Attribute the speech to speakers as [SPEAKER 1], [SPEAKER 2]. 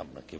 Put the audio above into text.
[SPEAKER 1] haben.